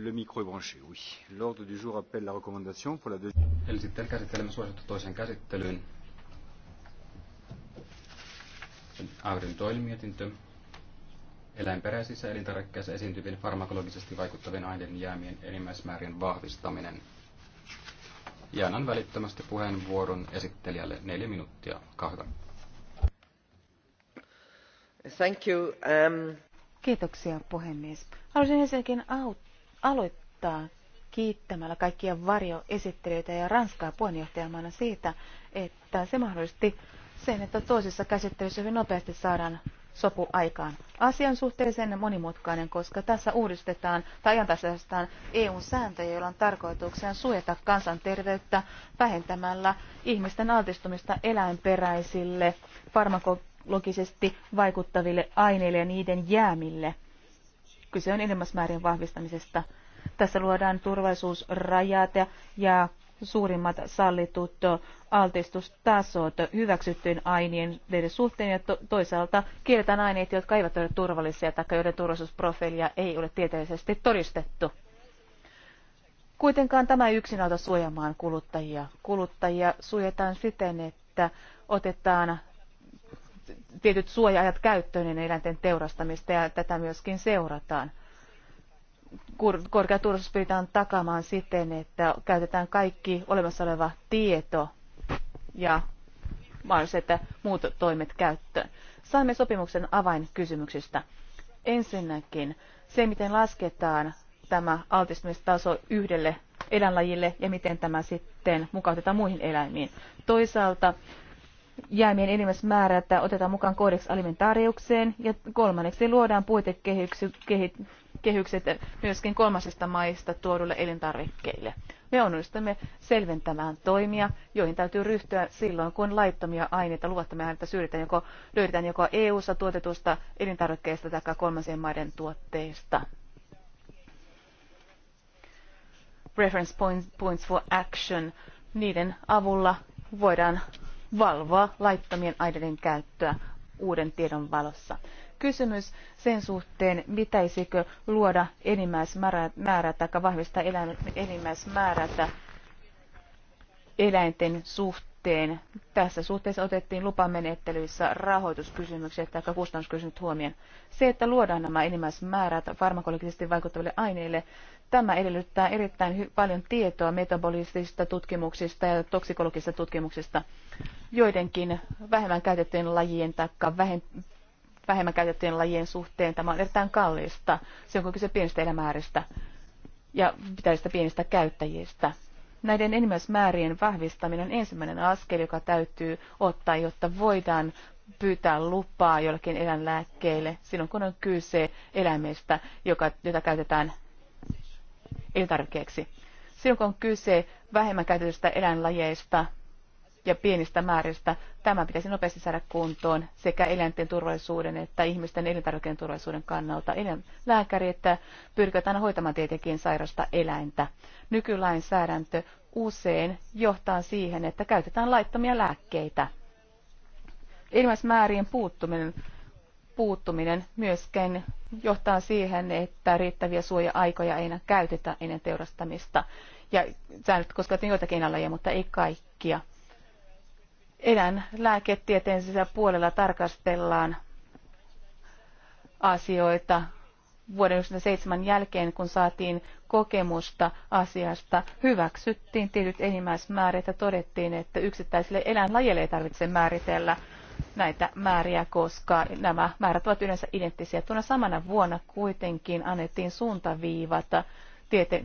Le micro est branché, oui. L'ordre du jour appelle la recommandation pour la deuxième... Eli sitten käsittelemme Eläinperäisissä elintarvikkeissa esiintyvien farmakologisesti vaikuttavien aineiden jäämien enimmäismäärien vahvistaminen. Ja annan välittömästi puheenvuoron esittelijälle neljä minuuttia. Kahva. Thank you. Um... Kiitoksia puhemies. Haluaisin ensinnäkin auttaa aloittaa kiittämällä kaikkia varjoesittelijöitä ja Ranskaa puheenjohtajamaana siitä, että se mahdollisti sen, että toisessa käsittelyssä hyvin nopeasti saadaan sopu aikaan. Asian suhteellisen monimutkainen, koska tässä uudistetaan tai ajantaisestaan EUn sääntöjä, joilla on tarkoituksena suojata kansanterveyttä vähentämällä ihmisten altistumista eläinperäisille farmakologisesti vaikuttaville aineille ja niiden jäämille. Kyse on ilmasmäärin vahvistamisesta. Tässä luodaan turvallisuusrajat ja suurimmat sallitut altistustasot hyväksyttyjen aineiden suhteen ja to- toisaalta kielletään aineet, jotka eivät ole turvallisia tai joiden turvallisuusprofiilia ei ole tieteellisesti todistettu. Kuitenkaan tämä ei yksin auta suojamaan kuluttajia. Kuluttajia suojataan siten, että otetaan tietyt suojaajat käyttöön eläinten teurastamista ja tätä myöskin seurataan korkea turvallisuus pyritään takaamaan siten, että käytetään kaikki olemassa oleva tieto ja mahdolliset muut toimet käyttöön. Saimme sopimuksen avainkysymyksistä. Ensinnäkin se, miten lasketaan tämä altistumistaso yhdelle eläinlajille ja miten tämä sitten mukautetaan muihin eläimiin. Toisaalta jäämien enimmäismäärä, että otetaan mukaan kodeksi alimentariukseen ja kolmanneksi luodaan puitekehyksi, kehykset myöskin kolmasista maista tuodulle elintarvikkeille. Me onnistumme selventämään toimia, joihin täytyy ryhtyä silloin, kun laittomia aineita, luvattomia aineita syydetään joko, löydetään joko EU-ssa tuotetusta elintarvikkeesta tai kolmansien maiden tuotteista. Reference points, points for Action. Niiden avulla voidaan valvoa laittomien aineiden käyttöä uuden tiedon valossa kysymys sen suhteen, pitäisikö luoda enimmäismäärä tai vahvistaa enimmäismäärätä eläinten suhteen. Tässä suhteessa otettiin lupamenettelyissä rahoituskysymykset tai kustannuskysymykset huomioon. Se, että luodaan nämä enimmäismäärät farmakologisesti vaikuttaville aineille, tämä edellyttää erittäin paljon tietoa metabolisista tutkimuksista ja toksikologisista tutkimuksista. Joidenkin vähemmän käytettyjen lajien tai vähem- vähemmän käytettyjen lajien suhteen. Tämä on erittäin kallista, se on kyse pienistä elämääristä ja pitäisistä pienistä käyttäjistä. Näiden enimmäismäärien vahvistaminen on ensimmäinen askel, joka täytyy ottaa, jotta voidaan pyytää lupaa jollekin eläinlääkkeelle silloin, kun on kyse eläimestä, joka, jota käytetään elintarvikkeeksi. Silloin, kun on kyse vähemmän käytetystä eläinlajeista, ja pienistä määristä. Tämä pitäisi nopeasti saada kuntoon sekä eläinten turvallisuuden että ihmisten elintarvikkeiden turvallisuuden kannalta. Lääkäri, että pyrkivät aina hoitamaan tietenkin sairasta eläintä. Nykylainsäädäntö usein johtaa siihen, että käytetään laittomia lääkkeitä. Ilmaismäärien puuttuminen, puuttuminen myöskin johtaa siihen, että riittäviä suoja-aikoja ei enää käytetä ennen teurastamista. Ja säännöt koskevat joitakin alajia, mutta ei kaikkia eläinlääketieteen puolella tarkastellaan asioita vuoden 1997 jälkeen, kun saatiin kokemusta asiasta, hyväksyttiin tietyt enimmäismäärät ja todettiin, että yksittäisille eläinlajeille ei tarvitse määritellä näitä määriä, koska nämä määrät ovat yleensä identtisiä. Tuona samana vuonna kuitenkin annettiin suuntaviivata.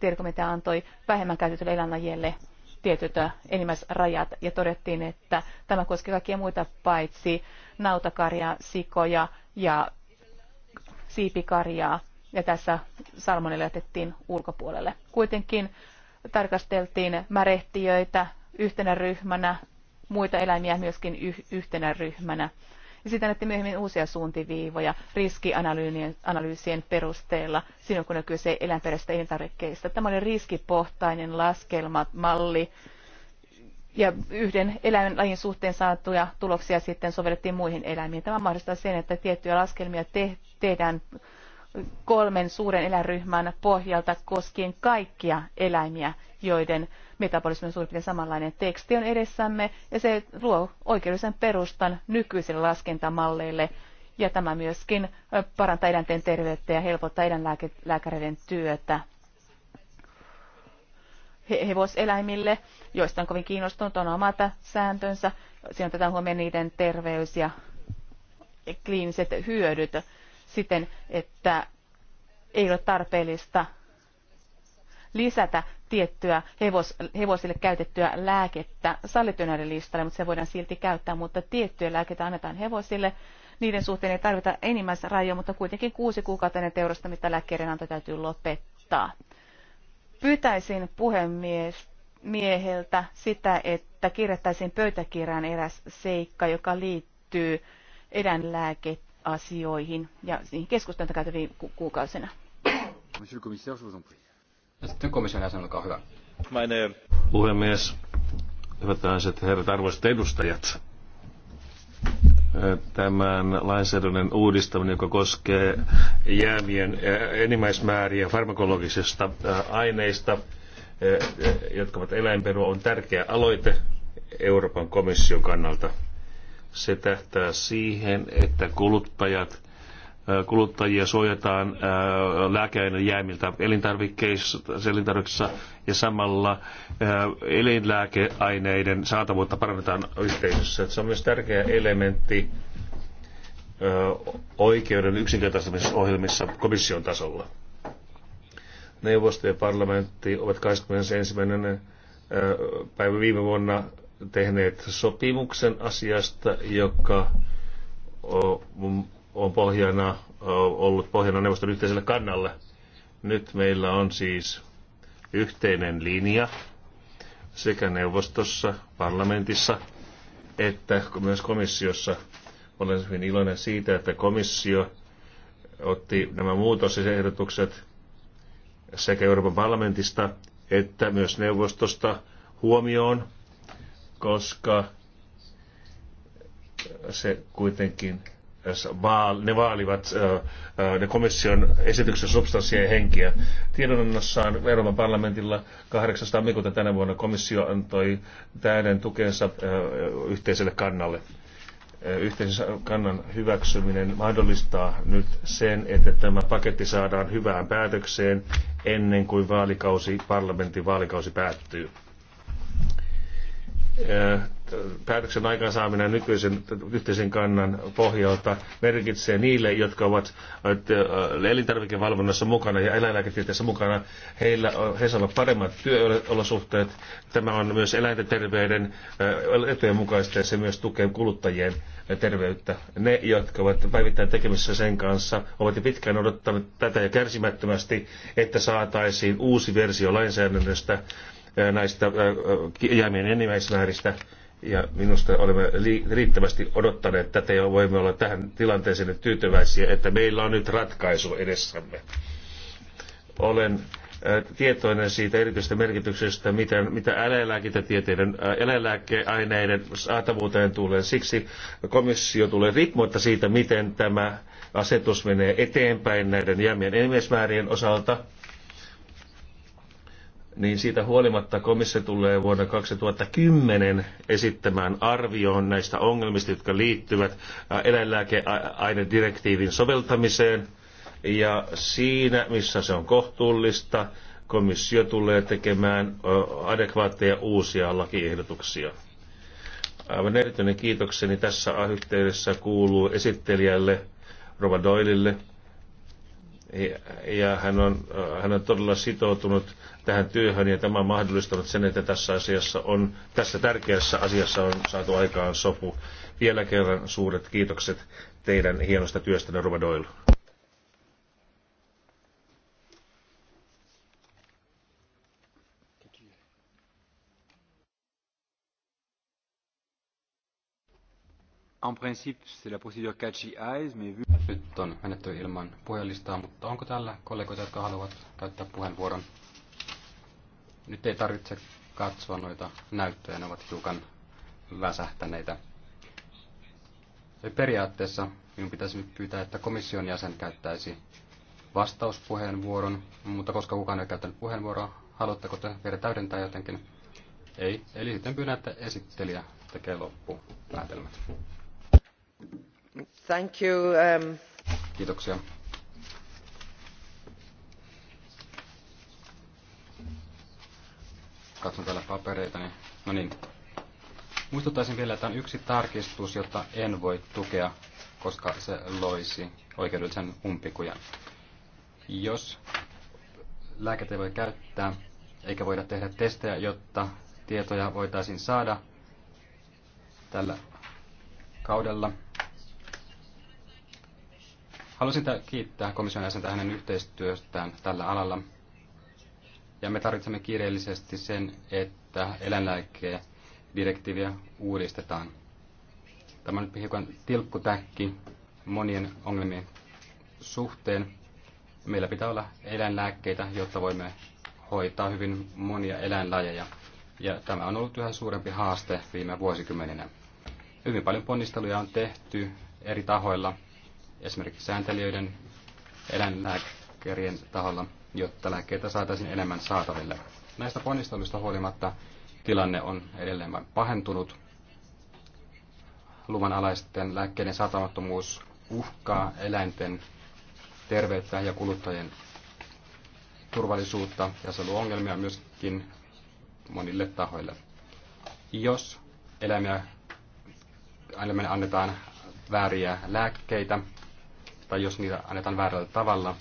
Tiedekomitea antoi vähemmän käytetylle eläinlajille tietyt enimmäisrajat ja todettiin, että tämä koskee kaikkia muita paitsi nautakarjaa, sikoja ja siipikarjaa. Ja tässä salmonille jätettiin ulkopuolelle. Kuitenkin tarkasteltiin märehtiöitä yhtenä ryhmänä, muita eläimiä myöskin yhtenä ryhmänä sitten näette myöhemmin uusia suuntiviivoja riskianalyysien perusteella silloin, kun on kyse eläinperäisistä elintarvikkeista. Tämä oli riskipohtainen laskelmamalli ja yhden eläinlajin suhteen saatuja tuloksia sitten sovellettiin muihin eläimiin. Tämä mahdollistaa sen, että tiettyjä laskelmia te- tehdään kolmen suuren eläinryhmän pohjalta koskien kaikkia eläimiä, joiden metabolismi on suurin piirtein samanlainen. Teksti on edessämme ja se luo oikeudellisen perustan nykyisille laskentamalleille ja tämä myöskin parantaa eläinten terveyttä ja helpottaa eläinlääkäreiden työtä hevoseläimille, joista on kovin kiinnostunut, on omat sääntönsä. Siinä otetaan huomioon niiden terveys ja kliiniset hyödyt siten, että ei ole tarpeellista lisätä tiettyä hevos, hevosille käytettyä lääkettä sallittyneiden listalle, mutta se voidaan silti käyttää, mutta tiettyjä lääkettä annetaan hevosille. Niiden suhteen ei tarvita enimmäisrajoja, mutta kuitenkin kuusi kuukautta ennen mitä lääkkeiden anto täytyy lopettaa. Pyytäisin puhemies mieheltä sitä, että kirjattaisiin pöytäkirjaan eräs seikka, joka liittyy eläinlääketieteeseen asioihin ja niihin keskusteluun käytäviin ku- kuukausina. Sitten komission jäsen, olkaa hyvä. Puhemies, hyvät naiset, herrat, arvoisat edustajat. Tämän lainsäädännön uudistaminen, joka koskee jäämien eh, enimmäismääriä farmakologisista eh, aineista, eh, jotka ovat eläinperua, on tärkeä aloite Euroopan komission kannalta se tähtää siihen, että kuluttajat, kuluttajia suojataan lääkeaineen jäämiltä elintarvikkeissa, ja samalla elinlääkeaineiden saatavuutta parannetaan yhteisössä. Se on myös tärkeä elementti oikeuden ohjelmissa komission tasolla. Neuvosto ja parlamentti ovat 21. päivä viime vuonna tehneet sopimuksen asiasta, joka on pohjana, ollut pohjana neuvoston yhteiselle kannalle. Nyt meillä on siis yhteinen linja sekä neuvostossa, parlamentissa että myös komissiossa. Olen hyvin iloinen siitä, että komissio otti nämä muutosehdotukset sekä Euroopan parlamentista että myös neuvostosta huomioon koska se kuitenkin ne vaalivat ne komission esityksen substanssia ja henkiä. Tiedonannossaan Euroopan parlamentilla 8. tammikuuta tänä vuonna komissio antoi täyden tukensa yhteiselle kannalle. Yhteisen kannan hyväksyminen mahdollistaa nyt sen, että tämä paketti saadaan hyvään päätökseen ennen kuin vaalikausi, parlamentin vaalikausi päättyy päätöksen aikaansaaminen nykyisen yhteisen kannan pohjalta merkitsee niille, jotka ovat elintarvikevalvonnassa mukana ja eläinlääketieteessä mukana, heillä, he saavat paremmat työolosuhteet. Tämä on myös eläinten terveyden etujen mukaista ja se myös tukee kuluttajien terveyttä. Ne, jotka ovat päivittäin tekemisissä sen kanssa, ovat jo pitkään odottaneet tätä ja kärsimättömästi, että saataisiin uusi versio lainsäädännöstä, näistä jäämien enimmäismääristä. Ja minusta olemme riittävästi odottaneet tätä ja voimme olla tähän tilanteeseen nyt tyytyväisiä, että meillä on nyt ratkaisu edessämme. Olen tietoinen siitä erityisestä merkityksestä, mitä, mitä eläinlääkintätieteiden, eläinlääkeaineiden saatavuuteen tulee. Siksi komissio tulee rikmoitta siitä, miten tämä asetus menee eteenpäin näiden jäämien enimmäismäärien osalta niin siitä huolimatta komissio tulee vuonna 2010 esittämään arvioon näistä ongelmista, jotka liittyvät eläinlääkeainedirektiivin soveltamiseen. Ja siinä, missä se on kohtuullista, komissio tulee tekemään adekvaatteja uusia lakiehdotuksia. Aivan erityinen kiitokseni tässä yhteydessä kuuluu esittelijälle Rova Doylille. Ja hän on, hän on todella sitoutunut tähän työhön ja tämä on mahdollistanut sen, että tässä, asiassa on, tässä tärkeässä asiassa on saatu aikaan sopu. Vielä kerran suuret kiitokset teidän hienosta työstänne, Ruva Doyle. En principe, c'est la procédure catchy eyes, mais vu... Nyt on menetty ilman puhelistaa, mutta onko täällä kollegoita, jotka haluavat käyttää puheenvuoron? Nyt ei tarvitse katsoa noita näyttöjä, ne ovat hiukan väsähtäneitä. Ja periaatteessa minun pitäisi nyt pyytää, että komission jäsen käyttäisi vastauspuheenvuoron, mutta koska kukaan ei käyttänyt puheenvuoroa, haluatteko te vielä täydentää jotenkin? Ei, eli sitten pyydän, että esittelijä tekee loppupäätelmät. Thank you. Um... Kiitoksia. katson täällä papereita, niin no niin. Muistuttaisin vielä, että on yksi tarkistus, jota en voi tukea, koska se loisi oikeudellisen umpikujan. Jos lääkettä voi käyttää, eikä voida tehdä testejä, jotta tietoja voitaisiin saada tällä kaudella. Haluaisin kiittää komission jäsentä hänen yhteistyöstään tällä alalla. Ja me tarvitsemme kiireellisesti sen, että eläinlääkkeen direktiiviä uudistetaan. Tämä on nyt hiukan tilkkutäkki monien ongelmien suhteen. Meillä pitää olla eläinlääkkeitä, jotta voimme hoitaa hyvin monia eläinlajeja. Ja tämä on ollut yhä suurempi haaste viime vuosikymmeninä. Hyvin paljon ponnisteluja on tehty eri tahoilla, esimerkiksi sääntelijöiden, eläinlääkärien taholla – jotta lääkkeitä saataisiin enemmän saataville. Näistä ponnisteluista huolimatta tilanne on edelleen vain pahentunut. Luvanalaisten lääkkeiden saatamattomuus uhkaa eläinten terveyttä ja kuluttajien turvallisuutta ja se luo ongelmia myöskin monille tahoille. Jos eläimiä, annetaan vääriä lääkkeitä tai jos niitä annetaan väärällä tavalla,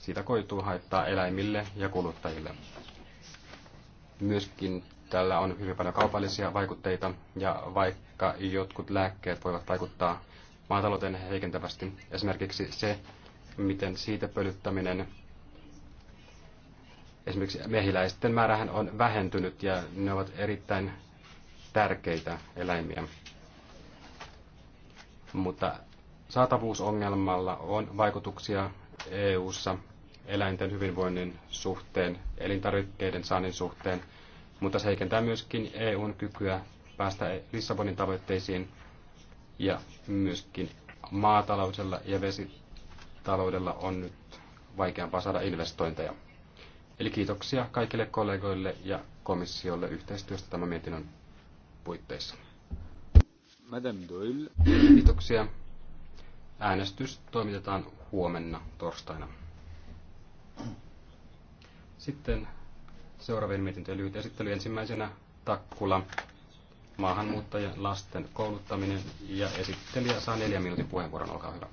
siitä koituu haittaa eläimille ja kuluttajille. Myöskin tällä on hyvin paljon kaupallisia vaikutteita, ja vaikka jotkut lääkkeet voivat vaikuttaa maatalouteen heikentävästi, esimerkiksi se, miten siitä pölyttäminen esimerkiksi mehiläisten määrähän on vähentynyt ja ne ovat erittäin tärkeitä eläimiä. Mutta saatavuusongelmalla on vaikutuksia EU:ssa eläinten hyvinvoinnin suhteen, elintarvikkeiden saannin suhteen, mutta se heikentää myöskin EUn kykyä päästä Lissabonin tavoitteisiin ja myöskin maataloudella ja vesitaloudella on nyt vaikeampaa saada investointeja. Eli kiitoksia kaikille kollegoille ja komissiolle yhteistyöstä tämän mietinnön puitteissa. Madame Doyle. Kiitoksia. Äänestys toimitetaan huomenna torstaina. Sitten seuraavien mietintöjen lyhyt esittely. Ensimmäisenä Takkula, maahanmuuttajien lasten kouluttaminen ja esittelijä saa neljän minuutin puheenvuoron. Olkaa hyvä.